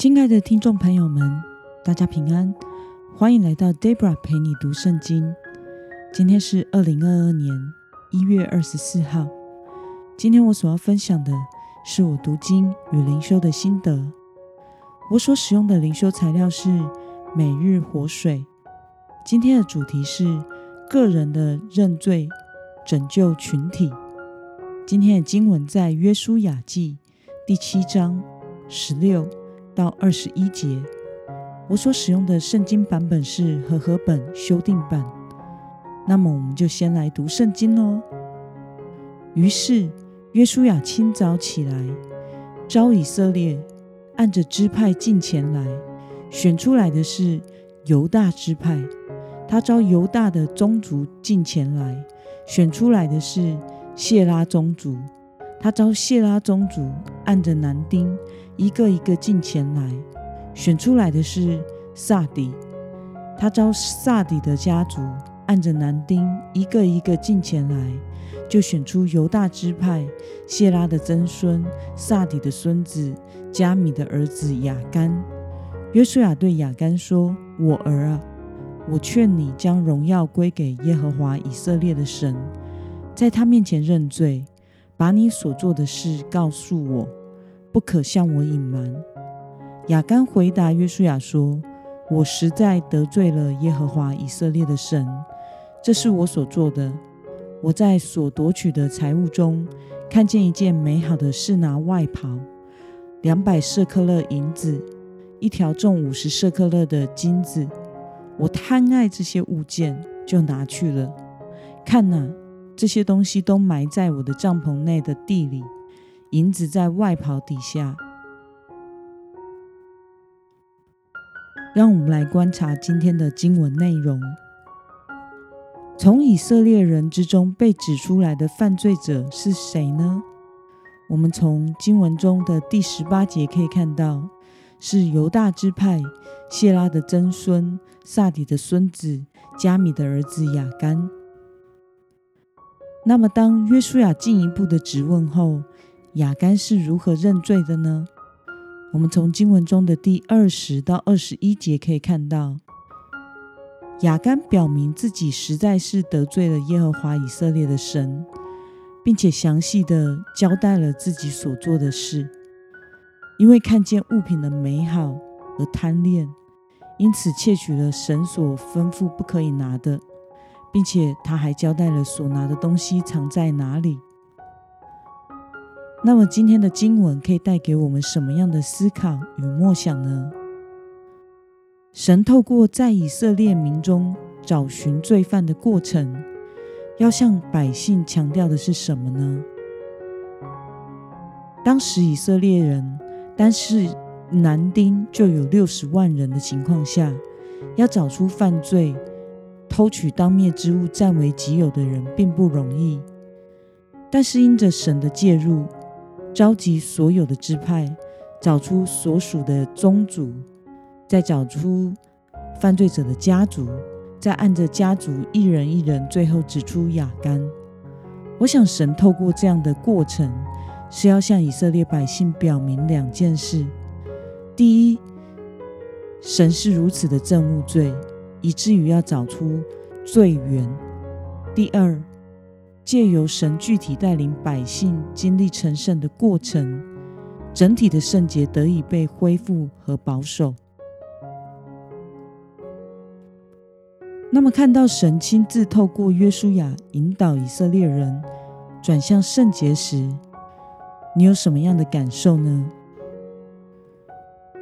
親愛的聽眾朋友們，大家平安，歡迎來到 Debra 陪你讀聖經。今天是二零二二年一月二十四號。今天我所要分享的是我讀經與靈修的心得。我所使用的靈修材料是《每日活水》。今天的主題是個人的認罪拯救群體。今天的經文在《約書亞記》第七章十六。到二十一節，我所使用的聖經版本是和合本修訂版。那麼，我們就先來讀聖經嘍、哦。於是，約書亞清早起來，召以色列按着支派近前來，選出來的是猶大支派。他召猶大的宗族近前來，選出來的是謝拉宗族。他召謝拉宗族。按着男丁，一個一個進前來，選出來的是撒底。他召撒底的家族按着男丁，一個一個進前來，就選出猶大支派，謝拉的曾孫，撒底的孫子，迦米的兒子亞干。約書亞對亞干說：“我兒啊，我勸你將榮耀歸給耶和華以色列的神，在他面前認罪，把你所做的事告訴我。”不可向我隱瞞。亞干回答約書亞說：“我實在得罪了耶和華以色列的神，這是我所做的。我在所奪取的財物中看見一件美好的示拿外袍，兩百舍客勒銀子，一條重五十舍客勒的金子。我貪愛這些物件，就拿去了。看哪，這些東西都埋在我的帳篷內的地裡。”銀子在外袍底下。讓我們來觀察今天的經文內容。從以色列人之中被指出來的犯罪者是誰呢？我們從經文中的第十八節可以看到，是猶大支派、謝拉的曾孫撒底的孫子迦米的兒子亞干。那麼，當約書亞進一步的質問後，亞干是如何認罪的呢？我們從經文中的第二十到二十一節可以看到，亞干表明自己實在是得罪了耶和華以色列的神，並且詳細的交代了自己所做的事。因為看見物品的美好而貪戀，因此竊取了神所吩咐不可以拿的，並且他還交代了所拿的東西藏在哪裡。那麼今天的經文可以帶給我們什麼樣的思考與默想呢？神透過在以色列民中找尋罪犯的過程，要向百姓強調的是什麼呢？當時以色列人單是男丁就有六十萬人的情況下，要找出犯罪偷取當滅之物占為己有的人並不容易，但是因着神的介入，召集所有的支派，找出所屬的宗族，再找出犯罪者的家族，再按着家族一人一人，最後指出亞干。我想神透過這樣的過程，是要向以色列百姓表明兩件事：第一，神是如此的憎惡罪，以至於要找出罪源；第二。借由神具體帶領百姓經歷成聖的過程，整體的聖潔得以被恢復和保守。那麼，看到神親自透過約書亞引導以色列人轉向聖潔時，你有什麼樣的感受呢？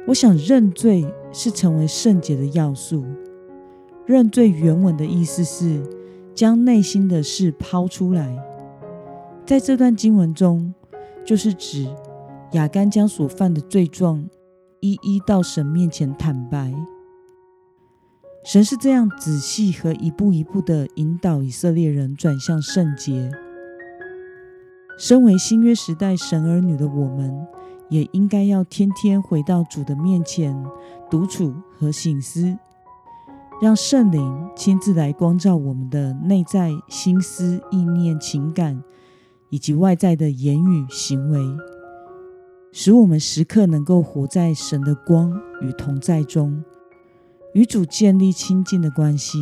我想認罪是成為聖潔的要素。認罪原文的意思是，將內心的事拋出來，在這段經文中，就是指亞干將所犯的罪狀一一到神面前坦白。神是這樣仔細和一步一步的引導以色列人轉向聖潔。身為新約時代神兒女的我們，也應該要天天回到主的面前獨處和省思。讓聖靈親自來光照我們的內在心思、意念、情感，以及外在的言語、行為，使我們時刻能夠活在神的光與同在中，與主建立親近的關係，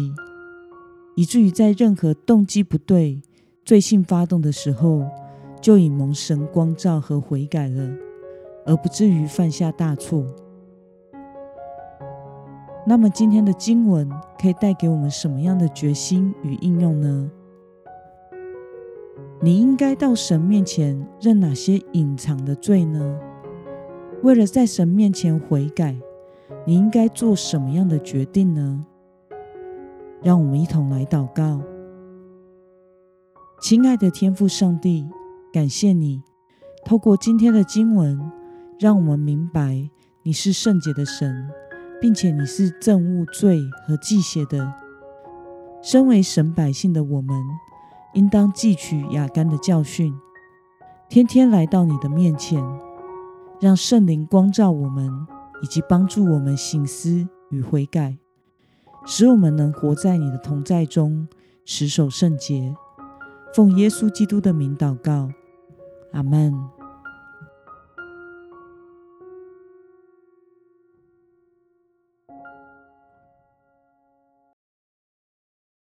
以至於在任何動機不對、罪性發動的時候，就已蒙神光照和悔改了，而不至於犯下大錯。那麼今天的經文可以帶給我們什麼樣的決心與應用呢？你應該到神面前認哪些隱藏的罪呢？為了在神面前悔改，你應該做什麼樣的決定呢？讓我們一同來禱告。親愛的天父上帝，感謝你透過今天的經文，讓我們明白你是聖潔的神。並且你是憎惡罪和忌邪的。身為神百姓的我們，應當汲取雅干的教訓，天天來到你的面前，讓聖靈光照我們，以及幫助我們省思與悔改，使我們能活在你的同在中，持守聖潔，奉耶穌基督的名禱告。阿門。